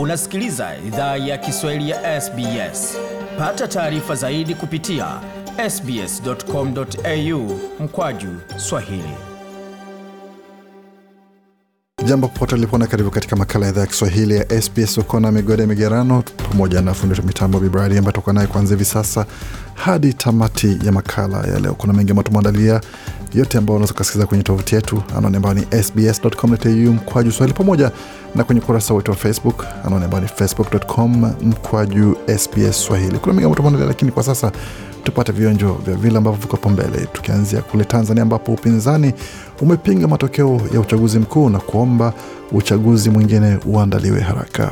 Unasikiliza idhaa ya Kiswahili ya SBS. Pata taarifa zaidi kupitia sbs.com.au mkwaju swahili. Jambo popote ulipo na karibu katika makala ya idhaa ya Kiswahili ya SBS. Uko na migode migerano pamoja na fundi mitambo Bibradi ambayo tuko naye kuanzia hivi sasa hadi tamati ya makala ya leo. Kuna mengi ambayo tumeandalia yote ambayo unaweza kusikiliza kwenye tovuti yetu, anwani ambayo ni sbs.com.au mkwaju swahili, pamoja na kwenye ukurasa wetu wa Facebook, anwani ambayo ni facebook.com mkwaju sbs swahili. Kuna mingi ambayo tumeandalia, lakini kwa sasa tupate vionjo vya vile ambavyo viko hapo mbele, tukianzia kule Tanzania ambapo upinzani umepinga matokeo ya uchaguzi mkuu na kuomba uchaguzi mwingine uandaliwe haraka.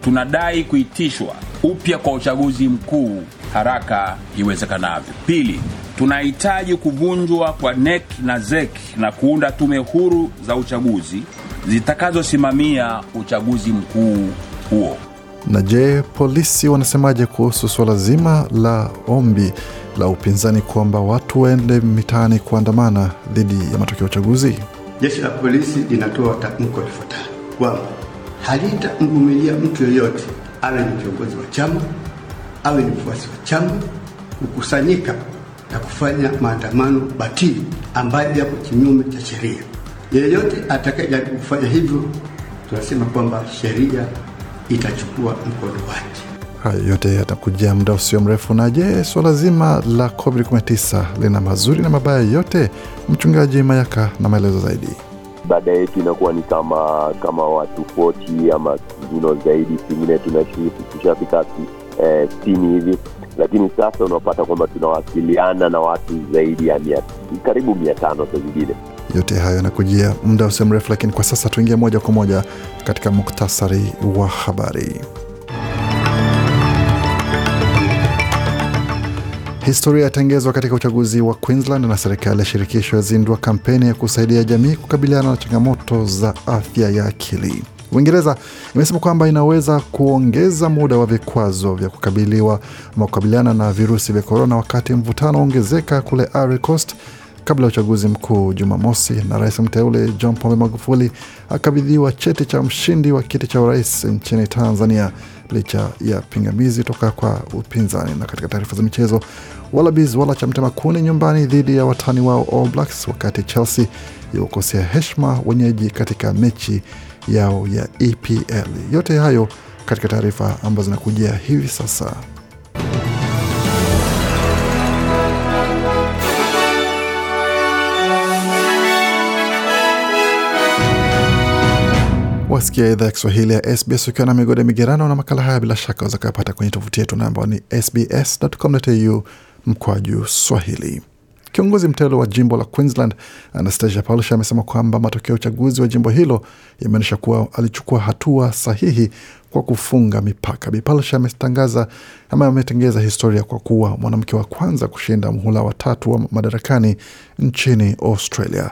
Tunadai kuitishwa upya kwa uchaguzi mkuu haraka iwezekanavyo. Pili, tunahitaji kuvunjwa kwa NEC na ZEC na kuunda tume huru za uchaguzi zitakazosimamia uchaguzi mkuu huo. Na je, polisi wanasemaje kuhusu suala zima la ombi la upinzani kwamba watu waende mitaani kuandamana dhidi ya matokeo ya uchaguzi? Jeshi la polisi linatoa tamko lifuatalo kwamba halitamvumilia mtu yoyote awe ni kiongozi wa chama awe ni mfuasi wa chama kukusanyika na kufanya maandamano batili ambayo yako kinyume cha sheria. Yeyote atakayejaribu kufanya hivyo, tunasema kwamba sheria itachukua mkondo wake. Hayo yote yatakuja muda usio mrefu. Na je, suala zima la COVID-19 lina mazuri na mabaya yote? Mchungaji Mayaka na maelezo zaidi. Baada yetu inakuwa ni kama kama watu 40 ama vino zaidi, pengine tushafika Eh, sitini hivi lakini sasa unapata kwamba tunawasiliana na watu zaidi ya mia, karibu mia tano sa zingine. Yote hayo yanakujia muda usio mrefu, lakini kwa sasa tuingie moja kwa moja katika muktasari wa habari. Historia yatengezwa katika uchaguzi wa Queensland na serikali ya shirikisho yazindua kampeni ya kusaidia jamii kukabiliana na changamoto za afya ya akili. Uingereza imesema kwamba inaweza kuongeza muda wa vikwazo vya kukabiliwa ama kukabiliana na virusi vya korona, wakati mvutano waongezeka kule Ivory Coast kabla ya uchaguzi mkuu Jumamosi, na rais mteule John Pombe Magufuli akabidhiwa cheti cha mshindi wa kiti cha urais nchini Tanzania licha ya pingamizi toka kwa upinzani. Na katika taarifa za michezo, Wallabies wala cha mtema kuni nyumbani dhidi ya watani wao All Blacks, wakati Chelsea iwakosea heshima wenyeji katika mechi yao ya EPL. Yote hayo katika taarifa ambazo zinakujia hivi sasa. Wasikia idhaa ya Kiswahili ya SBS ukiwa na migode migerano na makala haya, bila shaka uzakapata kwenye tovuti yetu na ambao ni sbs.com.au mkwaju Swahili. Kiongozi mtelo wa jimbo la Queensland Anastasia palsha amesema kwamba matokeo ya uchaguzi wa jimbo hilo yameonyesha kuwa alichukua hatua sahihi kwa kufunga mipaka. bipalsha ametangaza ama ametengeza historia kwa kuwa mwanamke wa kwanza kushinda mhula watatu wa madarakani nchini Australia.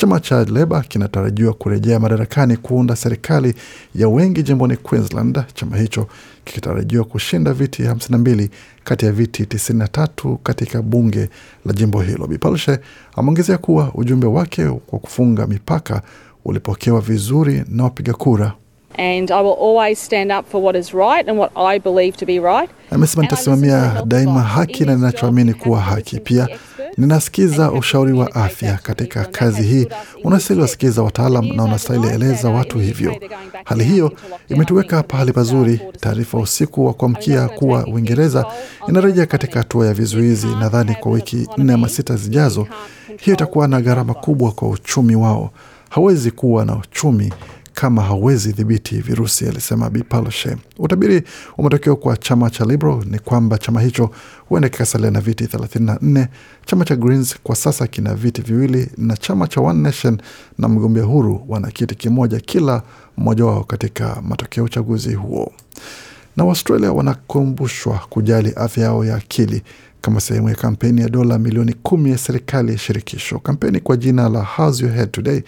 Chama cha Leba kinatarajiwa kurejea madarakani kuunda serikali ya wengi jimboni Queensland, chama hicho kikitarajiwa kushinda viti 52 kati ya viti 93 katika bunge la jimbo hilo. Bipalshe ameongezea kuwa ujumbe wake kwa kufunga mipaka ulipokewa vizuri na wapiga kura. And I will always stand up for what is right and what I believe to be right. Amesema nitasimamia daima haki na ninachoamini kuwa haki. Pia ninasikiza ushauri wa afya katika kazi hii. Unastahili wasikiza wataalam na unastahili eleza watu hivyo. Hali hiyo imetuweka pahali pazuri. Taarifa usiku wa kuamkia kuwa Uingereza inarejea katika hatua ya vizuizi, nadhani kwa wiki nne ama sita zijazo. Hiyo itakuwa na gharama kubwa kwa uchumi wao. Hawezi kuwa na uchumi kama hawezi dhibiti virusi, alisema bipaloshe Utabiri wa matokeo kwa chama cha Liberal ni kwamba chama hicho huenda kikasalia na viti 34. Chama cha Greens kwa sasa kina viti viwili na chama cha One Nation na mgombea huru wana kiti kimoja kila mmoja wao katika matokeo ya uchaguzi huo na Waustralia wanakumbushwa kujali afya yao ya akili kama sehemu ya kampeni ya dola milioni kumi ya serikali ya shirikisho. Kampeni kwa jina la How's Your Head Today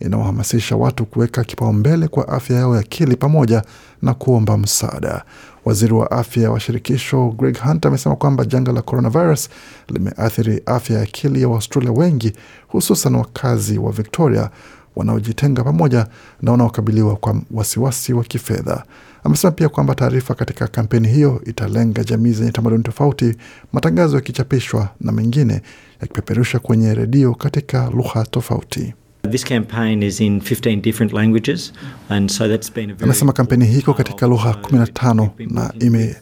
inawahamasisha watu kuweka kipaumbele kwa afya yao ya akili pamoja na kuomba msaada. Waziri wa afya wa shirikisho Greg Hunt amesema kwamba janga la coronavirus limeathiri afya ya akili ya Waustralia wengi, hususan wakazi wa Victoria wanaojitenga pamoja na wanaokabiliwa kwa wasiwasi wa kifedha. Amesema pia kwamba taarifa katika kampeni hiyo italenga jamii zenye tamaduni tofauti, matangazo yakichapishwa na mengine yakipeperusha kwenye redio katika lugha tofauti. Anasema kampeni hii iko katika lugha 15 na ime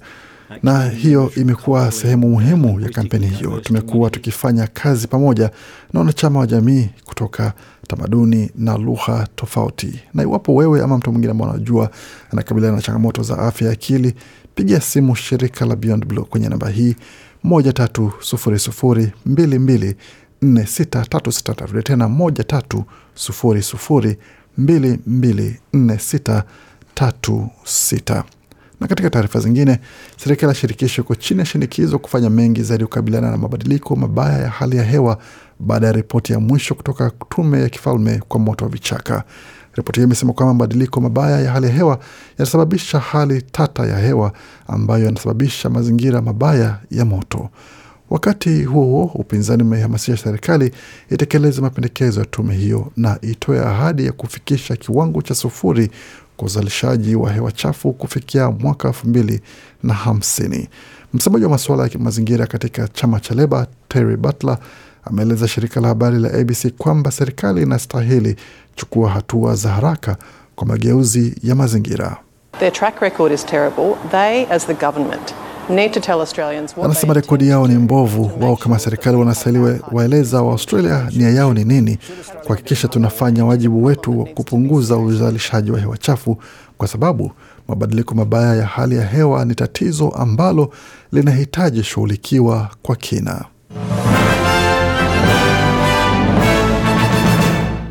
na hiyo imekuwa sehemu muhimu ya kampeni hiyo. Tumekuwa tukifanya kazi pamoja na wanachama wa jamii kutoka tamaduni na lugha tofauti. Na iwapo wewe ama mtu mwingine ambao anajua anakabiliana na changamoto za afya ya akili, piga simu shirika la Beyond Blue kwenye namba hii moja tatu sufuri sufuri mbili mbili nne sita tatu sita tatu. Tena moja tatu sufuri sufuri mbili mbili nne sita tatu sita. Na katika taarifa zingine, serikali ya shirikisho iko chini ya shinikizo kufanya mengi zaidi kukabiliana na mabadiliko mabaya ya hali ya hewa baada ya ripoti ya mwisho kutoka tume ya kifalme kwa moto wa vichaka. Ripoti hiyo imesema kwamba mabadiliko mabaya ya hali ya hewa yanasababisha hali tata ya hewa ambayo yanasababisha mazingira mabaya ya moto. Wakati huo huo, upinzani umehamasisha serikali itekeleze mapendekezo ya tume hiyo na itoe ahadi ya kufikisha kiwango cha sufuri kwa uzalishaji wa hewa chafu kufikia mwaka elfu mbili na hamsini. Msemaji wa masuala ya mazingira katika chama cha Leba Terry Butler ameeleza shirika la habari la ABC kwamba serikali inastahili chukua hatua za haraka kwa mageuzi ya mazingira. Their track record is terrible. They as the government Anasema rekodi yao ni mbovu. Wao kama serikali wanastahili waeleza wa australia nia yao ni nini, kuhakikisha tunafanya wajibu wetu wa kupunguza uzalishaji wa hewa chafu, kwa sababu mabadiliko mabaya ya hali ya hewa ni tatizo ambalo linahitaji shughulikiwa kwa kina.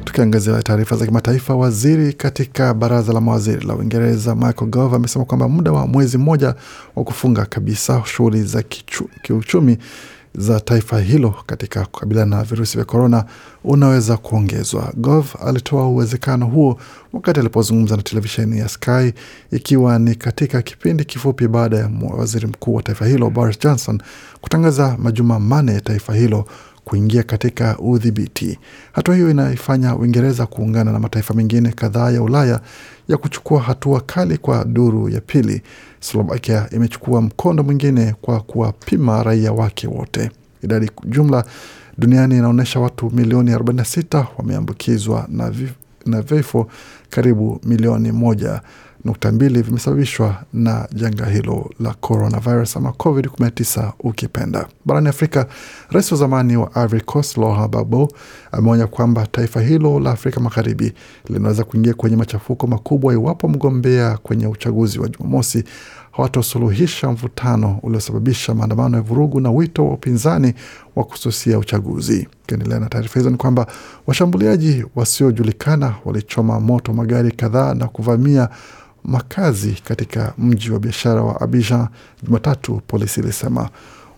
Tukiangazia taarifa za kimataifa, waziri katika baraza la mawaziri la Uingereza Michael Gove amesema kwamba muda wa mwezi mmoja wa kufunga kabisa shughuli za kichu, kiuchumi za taifa hilo katika kukabiliana na virusi vya korona unaweza kuongezwa. Gove alitoa uwezekano huo wakati alipozungumza na televisheni ya Sky, ikiwa ni katika kipindi kifupi baada ya waziri mkuu wa taifa hilo Boris Johnson kutangaza majuma manne ya taifa hilo kuingia katika udhibiti. Hatua hiyo inaifanya Uingereza kuungana na mataifa mengine kadhaa ya Ulaya ya kuchukua hatua kali kwa duru ya pili. Slovakia imechukua mkondo mwingine kwa kuwapima raia wake wote. Idadi jumla duniani inaonyesha watu milioni 46 wameambukizwa na vifo karibu milioni moja nukta mbili vimesababishwa na janga hilo la coronavirus ama COVID-19 ukipenda. Barani Afrika, rais wa zamani wa Ivory Coast Laurent Gbagbo ameonya kwamba taifa hilo la Afrika Magharibi linaweza kuingia kwenye machafuko makubwa iwapo mgombea kwenye uchaguzi wa Jumamosi hawatosuluhisha mvutano uliosababisha maandamano ya vurugu na wito wa upinzani wa kususia uchaguzi. Ukiendelea na taarifa hizo, ni kwamba washambuliaji wasiojulikana walichoma moto magari kadhaa na kuvamia makazi katika mji wa biashara wa Abidjan Jumatatu, polisi ilisema.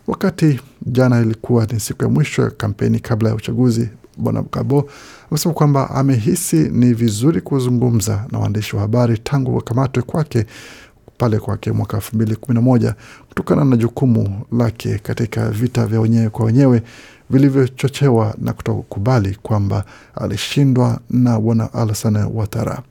Wakati jana ilikuwa ni siku ya mwisho ya kampeni kabla ya uchaguzi, Bwana Kabo amesema kwamba amehisi ni vizuri kuzungumza na waandishi wa habari tangu wakamatwe kwake pale kwake mwaka elfu mbili kumi na moja kutokana na jukumu lake katika vita vya wenyewe kwa wenyewe vilivyochochewa na kutokubali kwamba alishindwa na Bwana alsan watara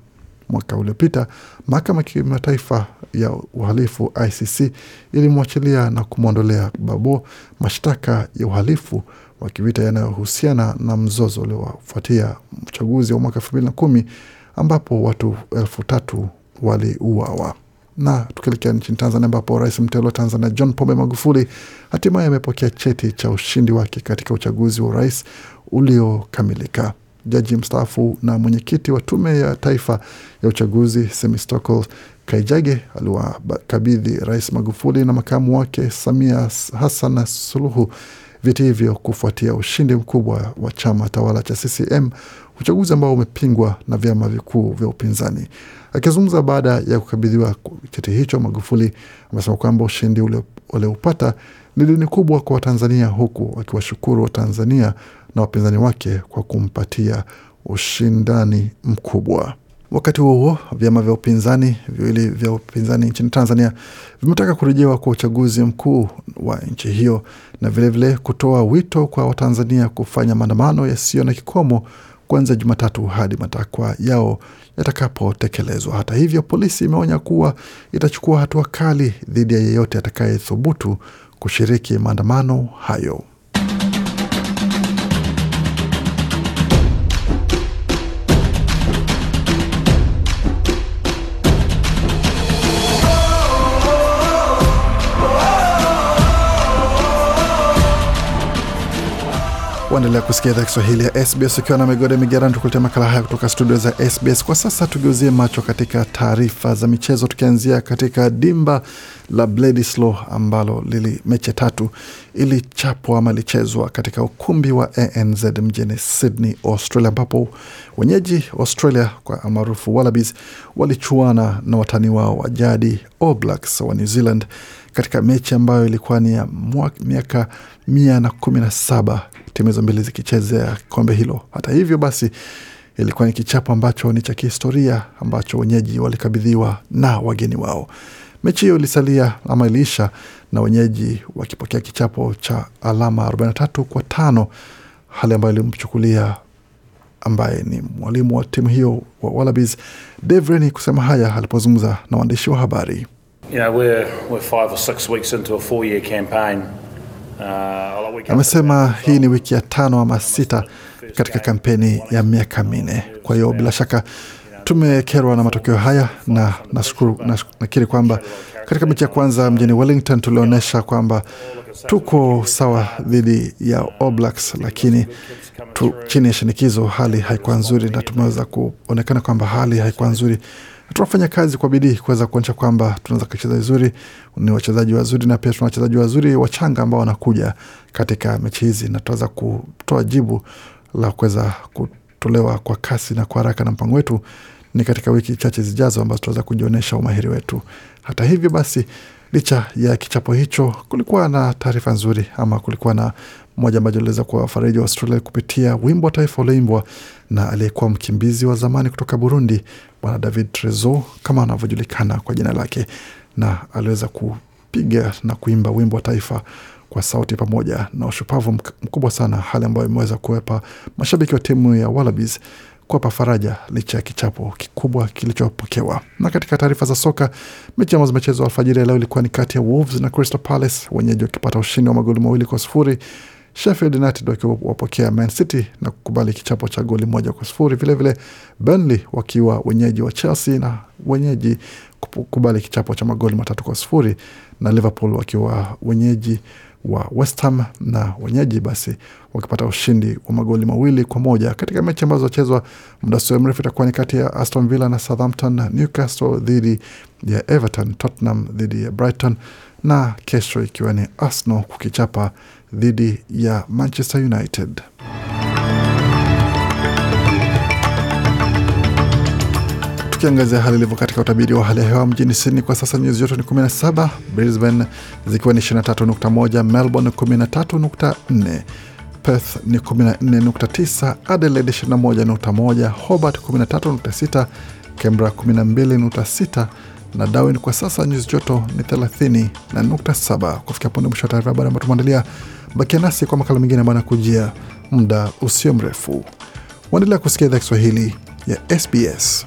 mwaka uliopita, mahakama ya kimataifa ya uhalifu ICC ilimwachilia na kumwondolea Babo mashtaka ya uhalifu wa kivita yanayohusiana na mzozo uliofuatia uchaguzi wa mwaka elfu mbili na kumi ambapo watu elfu tatu waliuawa na tukielekea nchini Tanzania ambapo rais mteule wa Tanzania John Pombe Magufuli hatimaye amepokea cheti cha ushindi wake katika uchaguzi wa urais uliokamilika jaji mstaafu na mwenyekiti wa Tume ya Taifa ya Uchaguzi semi Kaijage aliwakabidhi Rais Magufuli na makamu wake Samia Hassan Suluhu viti hivyo kufuatia ushindi mkubwa wa chama tawala cha CCM, uchaguzi ambao umepingwa na vyama vikuu vya upinzani. Akizungumza baada ya kukabidhiwa cheti hicho, Magufuli amesema kwamba ushindi walioupata ni dini kubwa kwa Watanzania, huku akiwashukuru Watanzania na wapinzani wake kwa kumpatia ushindani mkubwa. Wakati huo huo, vyama vya upinzani viwili vya upinzani nchini Tanzania vimetaka kurejewa kwa uchaguzi mkuu wa nchi hiyo na vilevile vile kutoa wito kwa Watanzania kufanya maandamano yasiyo na kikomo kuanzia Jumatatu hadi matakwa yao yatakapotekelezwa. Hata hivyo, polisi imeonya kuwa itachukua hatua kali dhidi ya yeyote atakayethubutu kushiriki maandamano hayo. waendelea kusikia idhaa Kiswahili ya SBS ukiwa na migode migerani, tukuletea makala haya kutoka studio za SBS. Kwa sasa tugeuzie macho katika taarifa za michezo, tukianzia katika dimba la Bledisloe ambalo lili mechi tatu ilichapwa ama ilichezwa katika ukumbi wa ANZ mjini Sydney, Australia, ambapo wenyeji Australia kwa maarufu Wallabies walichuana na watani wao wa jadi All Blacks wa New Zealand katika mechi ambayo ilikuwa ni ya miaka mia na kumi na saba timu hizo mbili zikichezea kombe hilo. Hata hivyo basi ilikuwa ni kichapo ambacho ni cha kihistoria ambacho wenyeji walikabidhiwa na wageni wao. Mechi hiyo ilisalia ama iliisha na wenyeji wakipokea kichapo cha alama 43 kwa tano, hali ambayo ilimchukulia ambaye ni mwalimu wa timu hiyo wa Wallabies Dave Rennie kusema haya alipozungumza na waandishi wa habari. Uh, Amesema hii ni wiki ya tano ama sita katika kampeni ya miaka minne. Kwa hiyo bila shaka tumekerwa na matokeo haya, na nakiri kwamba katika mechi ya kwanza mjini Wellington tulionyesha kwamba tuko sawa dhidi ya All Blacks, lakini tu, chini ya shinikizo hali haikuwa nzuri, na tumeweza kuonekana kwamba hali haikuwa nzuri tunafanya kazi kwa bidii kuweza kuonyesha kwamba tunaweza kucheza vizuri, ni wachezaji wazuri na pia tuna wachezaji wazuri wachanga ambao wanakuja katika mechi hizi, na tutaweza kutoa jibu la kuweza kutolewa kwa kasi na kwa haraka na mpango wetu ni katika wiki chache zijazo ambazo tunaweza kujionyesha umahiri wetu. Hata hivyo basi, licha ya kichapo hicho, kulikuwa na taarifa nzuri ama kulikuwa na moja ambayo iliweza kuwafariji wa Australia kupitia wimbo wa taifa ulioimbwa na aliyekuwa mkimbizi wa zamani kutoka Burundi, Bwana David Trezo kama anavyojulikana kwa jina lake, na aliweza kupiga na kuimba wimbo wa taifa kwa sauti pamoja na ushupavu mkubwa sana, hali ambayo imeweza kuwepa mashabiki wa timu ya Wallabies kuwapa faraja licha ya kichapo kikubwa kilichopokewa. Na katika taarifa za soka, mechi ambazo zimechezwa alfajiri ya leo ilikuwa ni kati ya Wolves na Crystal Palace, wenyeji wakipata ushindi wa magoli mawili kwa sufuri Sheffield United wakiwapokea Man City na kukubali kichapo cha goli moja kwa sufuri. Vilevile Burnley wakiwa wenyeji wa Chelsea na wenyeji kukubali kichapo cha magoli matatu kwa sufuri na Liverpool wakiwa wenyeji wa West Ham na wenyeji basi wakipata ushindi wa magoli mawili kwa moja katika mechi ambazo zachezwa muda sio mrefu. Itakuwa ni kati ya Aston Villa na Southampton, Newcastle dhidi ya Everton, Tottenham dhidi ya Brighton na kesho ikiwa ni Arsenal kukichapa dhidi ya Manchester United. Tukiangazia hali ilivyo katika utabiri wa hali ya hewa mjini Sydney kwa sasa nyuzi joto ni 17, Brisbane zikiwa ni 23.1, Melbourne 13.4, Perth ni 14.9, Adelaide 21.1, Hobart 13.6, Canberra 12.6 na Darwin kwa sasa nyuzi joto ni 30.7. Kufikia punde mwisho wa taarifa habari ambayo tumeandalia, bakia nasi kwa makala mengine ambayo anakujia muda usio mrefu. Waendelea kusikia idhaa Kiswahili ya SBS.